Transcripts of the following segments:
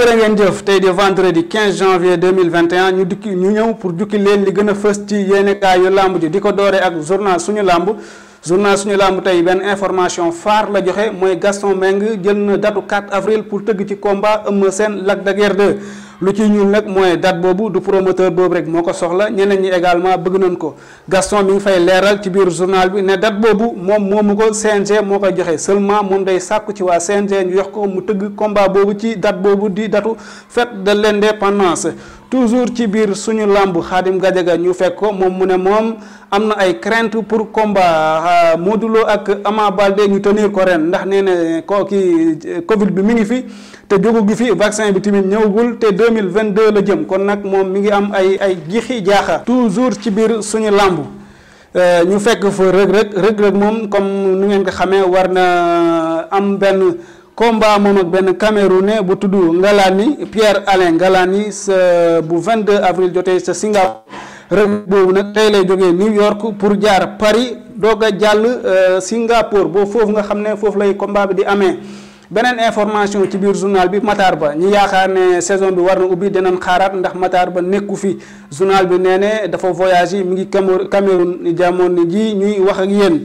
jërë ngeen jëf tey di vendredi 15 janvier 2021 ñu dikki ñu ñëw pour jukki leen li gën a fës ci yéenekaay yu làmb ji di ko doore ak journal suñu làmb journal suñu làmb tey benn information phare la joxe mooy Gaston Mbengue jël na datu 4 avril pour tëgg ci combat Eumeu Sène Lac de Guiers lu ci ñuul nag mooy date boobu du promoteur boobu rek moo ko soxla ñeneen ñi également bëgg nañ ko Gaston mi ngi fay leeral ci biir journal bi ne date boobu moom moo mu ko CNG moo koy joxee seulement moom day sàkku ci waa CNG ñu yox ko mu tëgg combat boobu ci date boobu di datu fête de l'indépendance toujours ci biir suñu làmb Khadim Gadiaga ñu fekk ko moom mu ne moom am na ay crainte pour combat euh, Modou ak Ama Baldé ñu tenir ko ren ndax nee na ko kii euh, Covid bi mi ngi fi te jógu gi fi vaccin bi tamit ñëwagul te deux mille vingt 2022 la jëm kon nag moom mi ngi am ay ay jixi jaaxa toujours ci biir suñu làmb euh, ñu fekk fa Reug Reug Reug Reug moom comme nu ngeen ko xamee war na am benn. combat moom ak benn Camerounais bu tudd Ngalani Pierre Alain Ngalani sa bu 22 avril jotee sa Singapour rek boobu nag tey lay jógee New York pour jaar Paris doog a jàll euh, Singapour boo foofu nga xam ne foofu lay combat bi di amee. beneen information ci biir journal bi Matar Ba ñi yaakaar ne saison bi war na ubbi dinañ xaaraat ndax Matar Ba nekku fi journal bi nee ne dafa voyagé mi ngi Cameroun jamono ji ñuy wax ak yéen.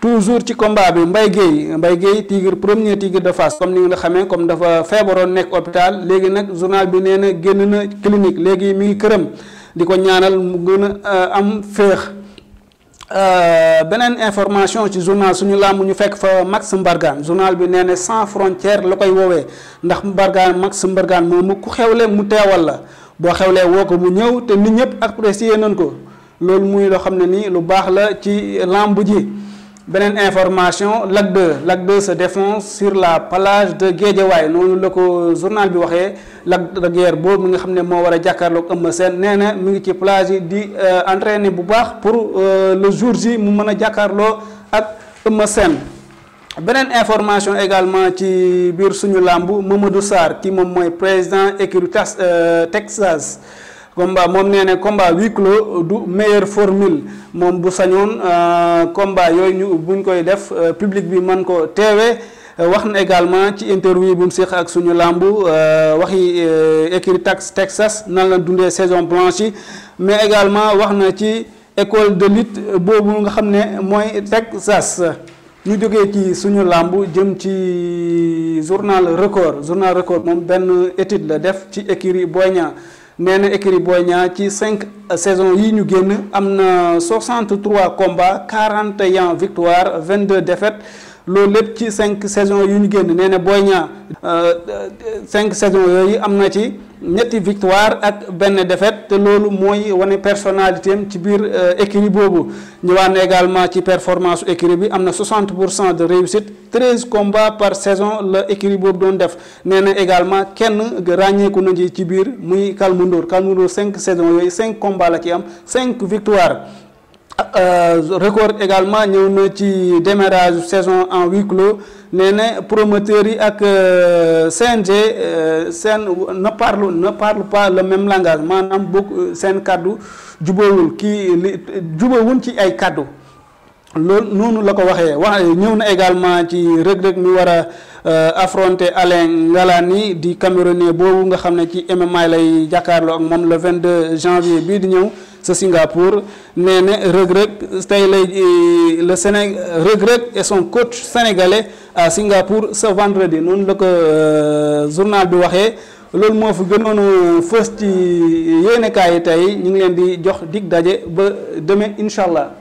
toujours ci combat bi Mbaye Guèye Mbaye Guèye tigre premier tigre de Fass comme ni nga xamee comme dafa feebaroon nekk hôpital léegi nag journal bi nee na génn na clinique léegi mi ngi këram di ko ñaanal mu gën a euh, am féex. Euh, beneen information ci journal suñu làmb ñu fekk fa Max Mbargane journal bi nee na sans frontière lu koy woowee ndax Mbargane Max Mbargane moomu ku xewle mu teewal la boo xewlee woo ko mu ñëw te nit ñëpp apprécier nañ ko loolu muy loo xam ne nii lu baax la ci làmb ji. beneen information Lac 2 Lac 2 se sur la plage de Guédiawaye noonu la ko journal bi waxee Lac de boobu mi nga xam ne moo war a jàkkaarloog Eumeu seen nee na mi ngi ci plage yi di euh, entraîner bu baax pour euh, le jour J mu mën a jàkkaarloo ak Eumeu Sène beneen information également ci biir suñu làmb Mamadou Sarr ki moom mooy président écurie euh, Texas combat moom nee ne combat huis clos du meilleure formule moom bu sañoon euh, combat yooyu ñu buñ koy def euh, public bi man ko teewee euh, wax na également ci interview bu mu séq ak suñu làmb waxi écurie Texas nan la dundee saison blanche yi mais également wax na ci école de lutte boobu nga xam ne mooy Texas ñu jógee ci suñu làmb jëm ci journal record journal record moom benn étude la def ci écurie Boy Niang nee na écurie Boy Niang ci cinq euh, saisons yi ñu génn am na 63 combats 41 victoires deux défaites. loolu lépp ci cinq saisons yu ñu génn nee na Boy Niang euh, cinq saisons yooyu am na ci ñetti victoire ak benn défaite te loolu mooy wane personnalité am ci biir euh, écurie boobu ñëwaat également ci performance écurie bi am na 60 pour cent de réussite 13 combats par saison la écurie boobu doon def nee na également kenn ràññeeku na ci biir muy Kalmundoor Kalmundoor cinq saisons yooyu cinq combats la ci am cinq victoire Euh, record également ñëw na ci démarrage saison en huis clos nee na promoteur yi ak euh, CNG euh, seen ne parle ne parle pas le même langage maanaam bokk seen kàddu jubawul kii li ci ay kàddu loolu noonu la ko waxee wax ñëw na également ci Reug Reug mi war a euh, affronter Alain Ngalani di Camerounais boobu nga xam ne ci MMA lay jàkkaarloo ak moom le 22 janvier bii di ñëw sa Singapour nee na Reug Reug tey euh, le Séné Reug et son coach sénégalais à Singapour ce vendredi noonu la ko euh, journal bi waxee loolu moo fi gënoon fës ci yéenekaay yi tey ñu ngi leen di jox dig daje ba demain incha allah.